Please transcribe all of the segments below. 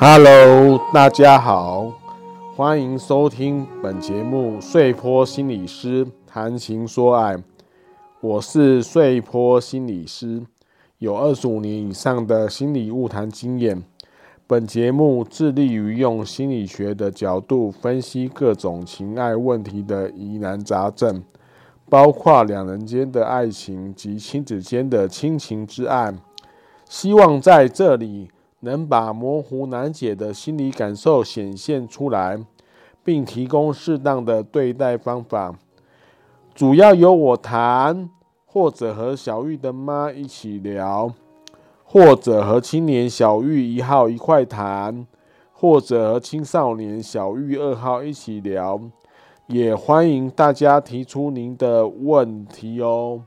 Hello，大家好，歡迎收聽本節目《碎坡心理師談情說愛》。我是碎坡心理師，有二十五年以上的心理晤談經驗。本節目致力於用心理學的角度分析各種情愛問題的疑難雜症，包括兩人間的愛情及親子間的親情之愛。希望在這裡，能把模糊難解的心理感受顯現出來，並提供適當的對待方法，主要由我談，或者和小玉的媽一起聊，或者和青年小玉一號一塊談，或者和青少年小玉二號一起聊，也歡迎大家提出您的問題哦。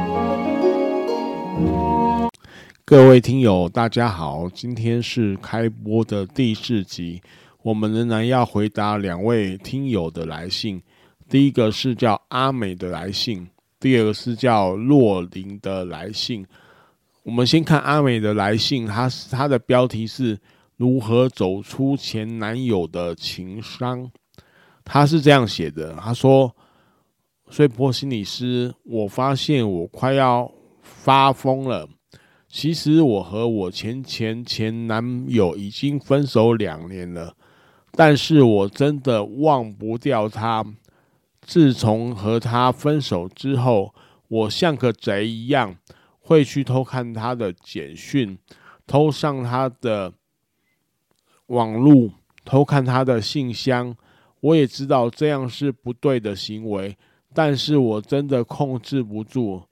各位聽友，大家好，今天是開播的第四集，我們仍然要回答兩位聽友的來信。第一個是叫阿美的來信，第二個是叫若琳的來信。我們先看阿美的來信，她她，她的標題是“如何走出前男友的情傷”。她是這樣寫的：“她說，睡波心理師，我發現我快要發瘋了。”其實我和我前前前男友已經分手兩年了，但是我真的忘不掉他。自從和他分手之後，我像個賊一樣，會去偷看他的簡訊，偷上他的網路，偷看他的信箱。我也知道這樣是不對的行為，但是我真的控制不住。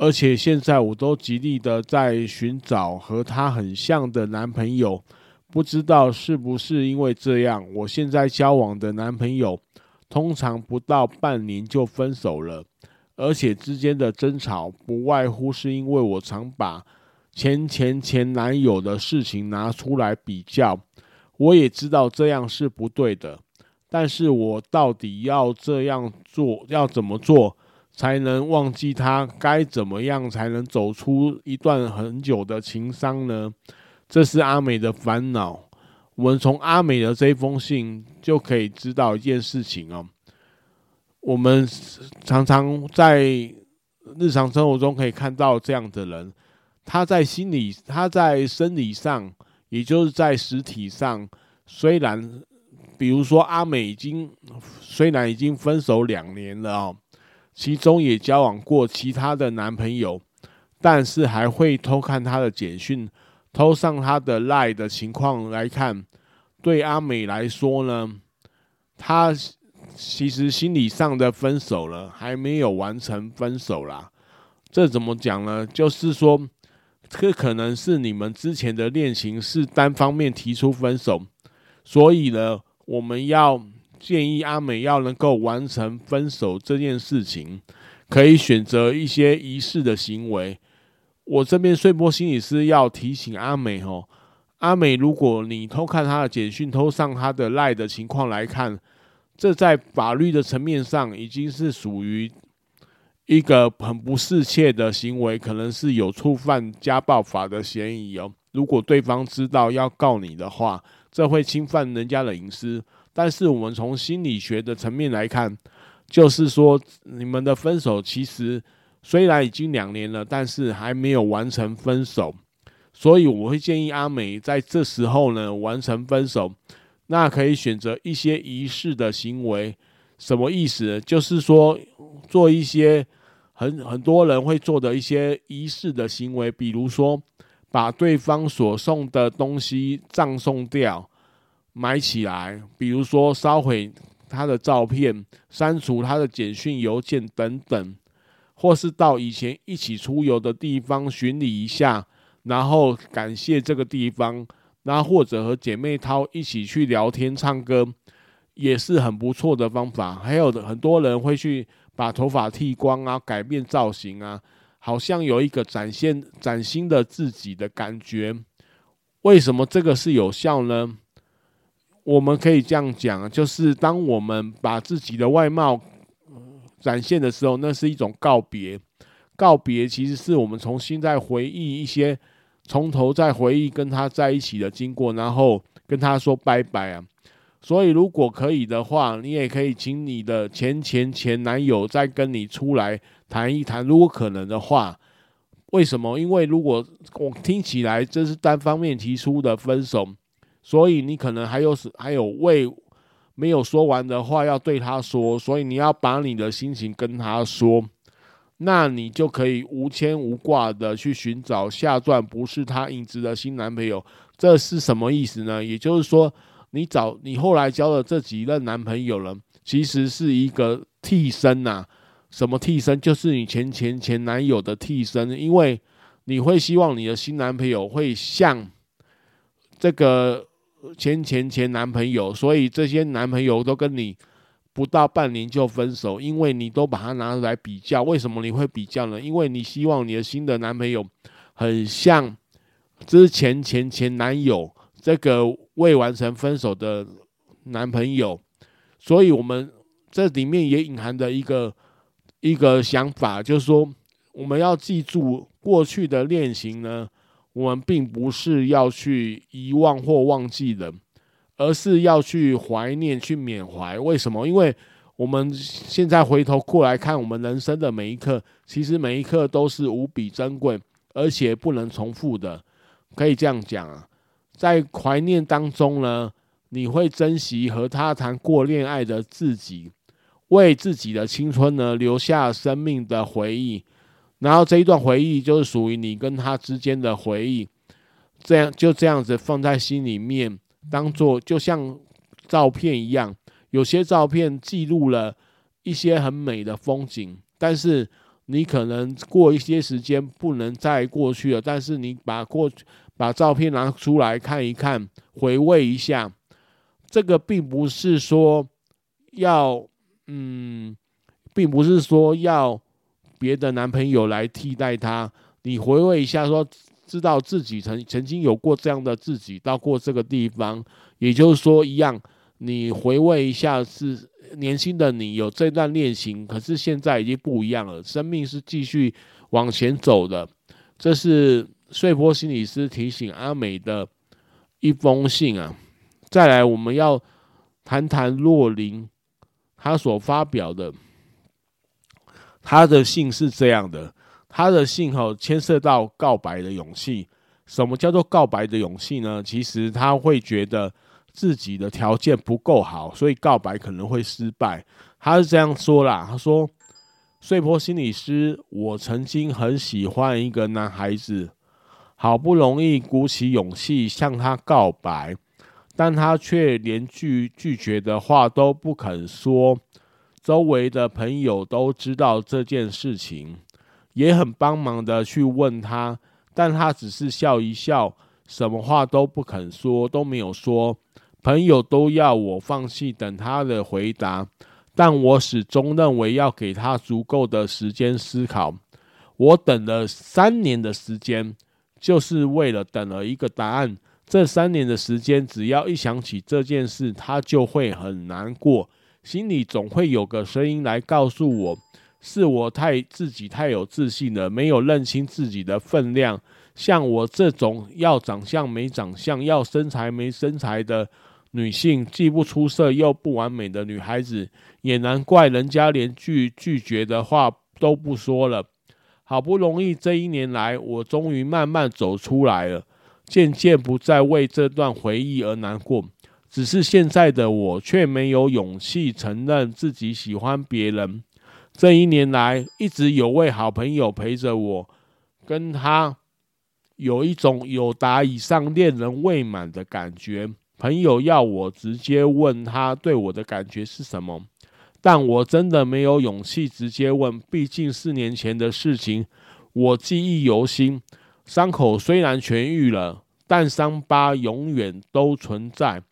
而且現在我都極力的在尋找和他很像的男朋友，不知道是不是因為這樣，我現在交往的男朋友通常不到半年就分手了，而且之間的爭吵不外乎是因為我常把前前前男友的事情拿出來比較。我也知道這樣是不對的，但是我到底要這樣做，要怎麼做？才能忘記他？該怎麼樣才能走出一段很久的情傷呢？這是阿美的煩惱。我們從阿美的這封信就可以知道一件事情哦。我們常常在日常生活中可以看到這樣的人，他在心理、他在生理上，也就是在實體上，雖然，比如說阿美已經，雖然已經分手兩年了哦。其中也交往過其他的男朋友，但是還會偷看他的簡訊，偷上他的 LINE 的情況來看，對阿美來說呢，她其實心理上的分手了，還沒有完成分手啦。這怎麼講呢？就是說，這可能是你們之前的戀情是單方面提出分手，所以呢，我們要。建議阿美要能夠完成分手這件事情，可以選擇一些儀式的行為。我這邊說波心理師要提醒阿美哦、喔，阿美，如果你偷看他的簡訊、偷上他的 LINE 的情況來看，這在法律的層面上已經是屬於一個很不適切的行為，可能是有觸犯家暴法的嫌疑哦、喔。如果對方知道要告你的話，這會侵犯人家的隱私。但是我們從心理學的層面來看，就是說你們的分手其實雖然已經兩年了，但是還沒有完成分手，所以我會建議阿美在這時候呢完成分手。那可以選擇一些儀式的行為，什麼意思？就是說做一些很很多人會做的一些儀式的行為，比如說把對方所送的東西葬送掉。埋起來，比如說燒毀他的照片、刪除他的簡訊、郵件等等，或是到以前一起出遊的地方巡禮一下，然後感謝這個地方，那或者和姐妹淘一起去聊天、唱歌，也是很不錯的方法。還有很多人會去把頭髮剃光啊，改變造型啊，好像有一個展現嶄新的自己的感覺。為什麼這個是有效呢？我們可以這樣講，就是當我們把自己的外貌展現的時候，那是一種告別。告別其實是我們重新再回憶一些，從頭再回憶跟他在一起的經過，然後跟他說拜拜啊。所以如果可以的話，你也可以請你的前前前男友再跟你出來談一談，如果可能的話。為什麼？因為如果我聽起來這是單方面提出的分手。所以你可能還有是，還有未沒有說完的話要對他說，所以你要把你的心情跟他說，那你就可以無牽無掛的去尋找下段不是他影子的新男朋友，這是什麼意思呢？也就是說，你找你後來交的這幾任男朋友了，其實是一個替身吶、啊。什麼替身？就是你前前前男友的替身，因為你會希望你的新男朋友會像這個。前前前男朋友，所以這些男朋友都跟你不到半年就分手，因為你都把他拿來比較。為什麼你會比較呢？因為你希望你的新的男朋友很像之前前前男友，這個未完成分手的男朋友。所以我們這裡面也隱含着一個一個想法，就是說我們要記住過去的戀情呢。我們並不是要去遺忘或忘記的，而是要去懷念、去緬懷。為什麼？因為我們現在回頭過來看，我們人生的每一刻，其實每一刻都是無比珍貴，而且不能重復的。可以這樣講啊，在懷念當中呢，你會珍惜和他談過戀愛的自己，為自己的青春呢，留下生命的回憶。然後這一段回憶就是屬於你跟他之間的回憶，這樣就這樣子放在心裡面，當做就像照片一樣，有些照片記錄了一些很美的風景，但是你可能過一些時間不能再過去了，但是你把過去把照片拿出來看一看，回味一下，這個並不是說要，嗯，並不是說要。別的男朋友來替代他，你回味一下，說知道自己曾曾經有過這樣的自己，到過這個地方，也就是說一樣。你回味一下，是年輕的你有這段戀情，可是現在已經不一樣了。生命是繼續往前走的，這是睡佛心理師提醒阿美的一封信啊。再來，我們要談談洛林他所發表的。他的信是這樣的，他的信吼牽涉到告白的勇氣。什麼叫做告白的勇氣呢？其實他會覺得自己的條件不夠好，所以告白可能會失敗。他是這樣說啦，他說：“睡婆心理師，我曾經很喜歡一個男孩子，好不容易鼓起勇氣向他告白，但他卻連句拒絕的話都不肯說。”周圍的朋友都知道這件事情，也很幫忙的去問他，但他只是笑一笑，什麼話都不肯說，都沒有說。朋友都要我放棄等他的回答，但我始終認為要給他足夠的時間思考。我等了三年的時間，就是為了等了一個答案。這三年的時間，只要一想起這件事，他就會很難過。心裡總會有個聲音來告訴我，是我太自己太有自信了，沒有認清自己的分量。像我這種要長相沒長相，要身材沒身材的女性，既不出色又不完美的女孩子，也難怪人家連句拒絕的話都不說了。好不容易這一年來，我終於慢慢走出來了，漸漸不再為這段回憶而難過。只是現在的我卻沒有勇氣承認自己喜歡別人。這一年來，一直有位好朋友陪着我，跟他有一種友達以上戀人未滿的感覺。朋友要我直接問他對我的感覺是什麼，但我真的沒有勇氣直接問。畢竟四年前的事情，我記憶猶新，傷口雖然痊癒了，但傷疤永遠都存在。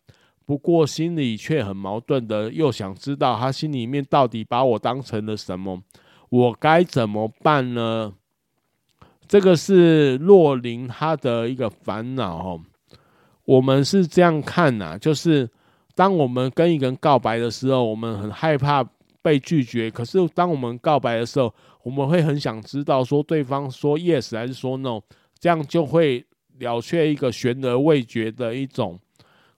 不過心裡卻很矛盾的，又想知道他心裡面到底把我當成了什麼，我該怎麼辦呢？這個是洛琳他的一個煩惱哦。我們是這樣看吶、啊，就是當我們跟一個人告白的時候，我們很害怕被拒絕。可是當我們告白的時候，我們會很想知道，說對方說 yes 還是說 no，這樣就會了卻一個懸而未決的一種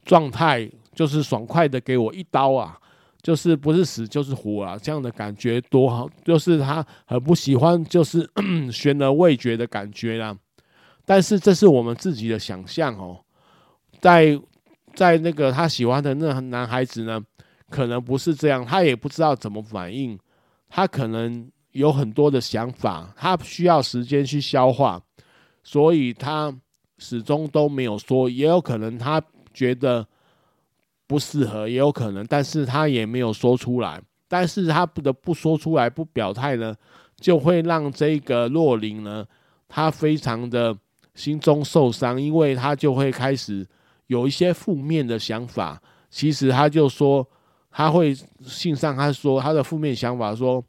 狀態。就是爽快的給我一刀啊！就是不是死就是活啊！這樣的感覺多好！就是他很不喜歡就是懸 而未決的感覺啦。但是這是我們自己的想象哦。在在那個他喜歡的那男孩子呢，可能不是這樣，他也不知道怎麼反應，他可能有很多的想法，他需要時間去消化，所以他始終都沒有說。也有可能他覺得。不適合也有可能，但是他也沒有說出來。但是他不得不說出來不表態呢，就會讓這個洛琳呢，她非常的心中受傷，因為她就會開始有一些負面的想法。其實她就說，她會信上她說她的負面想法說，說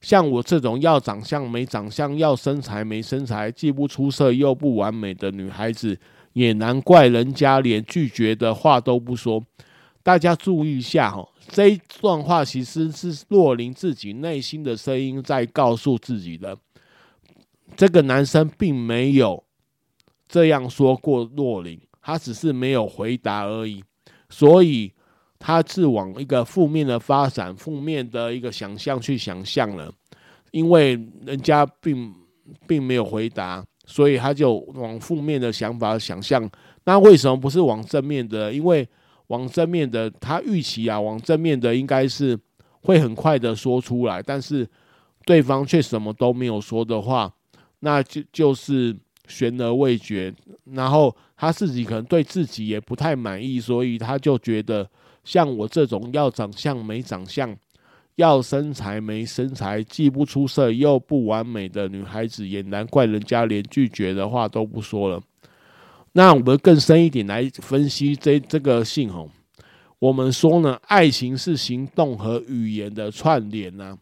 像我這種要長相沒長相，要身材沒身材，既不出色又不完美的女孩子，也難怪人家連拒絕的話都不說。大家注意一下哦，這一段話其實是若琳自己內心的聲音在告訴自己的。這個男生並沒有這樣說過若琳，他只是沒有回答而已。所以他是往一個負面的發展、負面的一個想象去想象了。因為人家並並沒有回答，所以他就往負面的想法想象。那為什麼不是往正面的？因為往正面的，他預期啊，往正面的應該是會很快的說出來，但是對方卻什麼都沒有說的話，那就就是懸而未決。然後他自己可能對自己也不太滿意，所以他就覺得像我這種要長相沒長相，要身材沒身材，既不出色又不完美的女孩子，也難怪人家連拒絕的話都不說了。那我們更深一點來分析這這個信號。我們說呢，愛情是行動和語言的串聯呢、啊。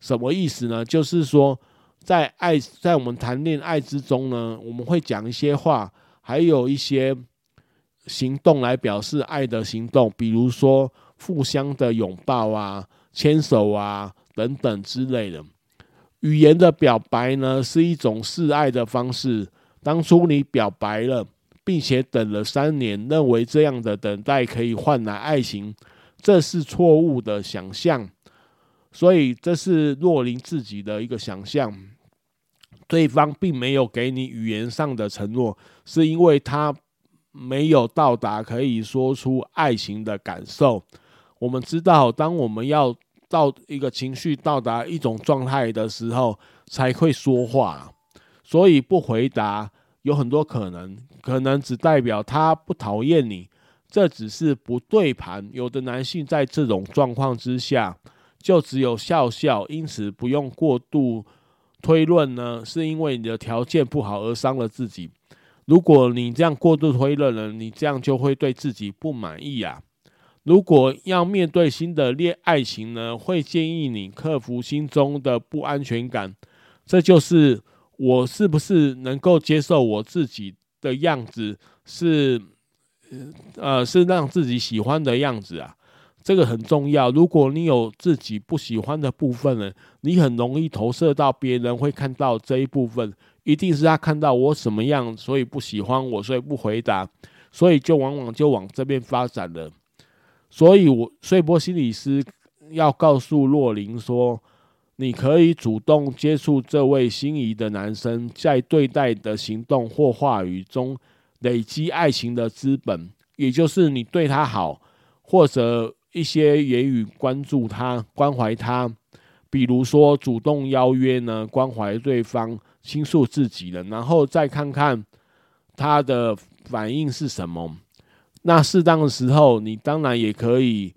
什麼意思呢？就是說，在愛，在我們談戀愛之中呢，我們會講一些話，還有一些行動來表示愛的行動，比如說互相的擁抱啊、牽手啊等等之類的。語言的表白呢，是一種示愛的方式。當初你表白了。並且等了三年，認為這樣的等待可以換來愛情，這是錯誤的想象。所以這是若琳自己的一個想象，對方並沒有給你語言上的承諾，是因為他沒有到達可以說出愛情的感受。我們知道，當我們要到一個情緒到達一種狀態的時候，才會說話，所以不回答，有很多可能，可能只代表他不討厭你，這只是不對盤。有的男性在這種狀況之下，就只有笑笑，因此不用過度推論呢，是因為你的條件不好而傷了自己。如果你這樣過度推論了，你這樣就會對自己不滿意啊。如果要面對新的戀愛情呢，會建議你克服心中的不安全感，這就是。我是不是能夠接受我自己的樣子？是，呃，是讓自己喜歡的樣子啊，這個很重要。如果你有自己不喜歡的部分呢，你很容易投射到別人，會看到這一部分，一定是他看到我什麼樣，所以不喜歡我，所以不回答，所以就往往就往這邊發展了。所以我，所以波心理師要告訴洛林說。你可以主動接觸這位心儀的男生，在對待的行動或話語中累積愛情的資本，也就是你對他好，或者一些言語關注他、關懷他，比如說主動邀約呢，關懷對方、傾訴自己的，然後再看看他的反應是什麼。那適當的時候，你當然也可以。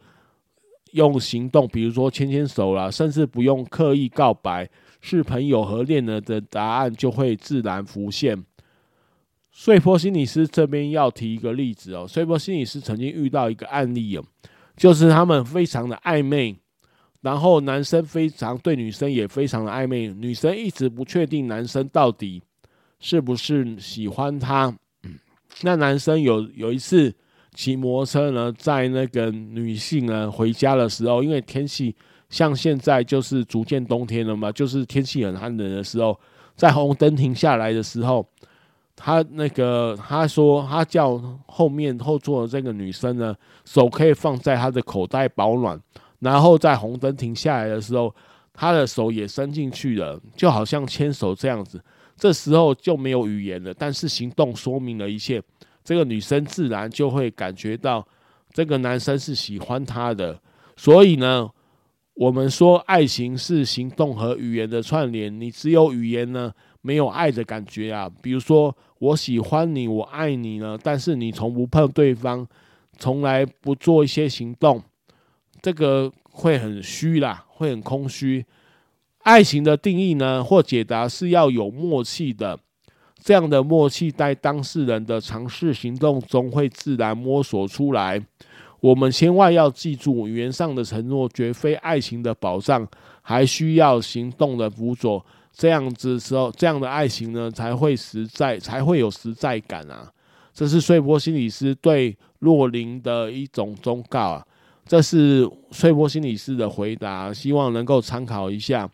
用行動，比如說牽牽手啦，甚至不用刻意告白，是朋友和戀人的答案就會自然浮現。碎波心理師這邊要提一個例子哦，碎波心理師曾經遇到一個案例哦，就是他們非常的曖昧，然後男生非常對女生也非常的曖昧，女生一直不確定男生到底是不是喜歡她。那男生有有一次，騎摩托車呢，在那個女性呢回家的時候，因為天氣像現在就是逐漸冬天了嘛，就是天氣很寒冷的時候，在紅燈停下來的時候，他那個他說他叫後面後座的這個女生呢，手可以放在她的口袋保暖，然後在紅燈停下來的時候，她的手也伸進去了，就好像牽手這樣子。這時候就沒有語言了，但是行動說明了一切。這個女生自然就會感覺到這個男生是喜歡她的，所以呢，我們說愛情是行動和語言的串聯。你只有語言呢，沒有愛的感覺啊。比如說，我喜歡你，我愛你呢，但是你從不碰對方，從來不做一些行動，這個會很虛啦，會很空虛。愛情的定義呢，或解答是要有默契的。這樣的默契在當事人的嘗試行動中會自然摸索出來。我們千萬要記住，語言上的承諾絕非愛情的保障，還需要行動的輔佐。這樣子時候，這樣的愛情呢才會實在，才會有實在感啊！這是碎波心理師對洛林的一種忠告啊！這是碎波心理師的回答，希望能夠參考一下。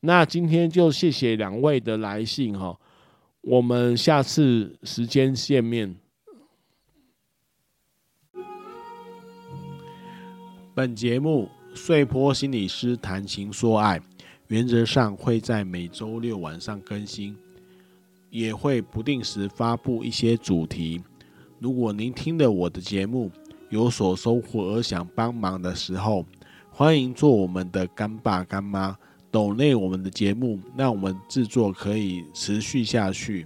那今天就謝謝兩位的來信哈、哦。我們下次時間見面。本節目《睡婆心理師談情說愛》原則上會在每周六晚上更新，也會不定時發布一些主題。如果您聽了我的節目有所收穫而想幫忙的時候，歡迎做我們的乾爸乾媽。斗內我們的節目，讓我們制作可以持續下去，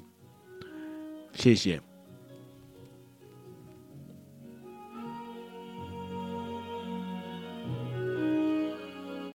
謝謝。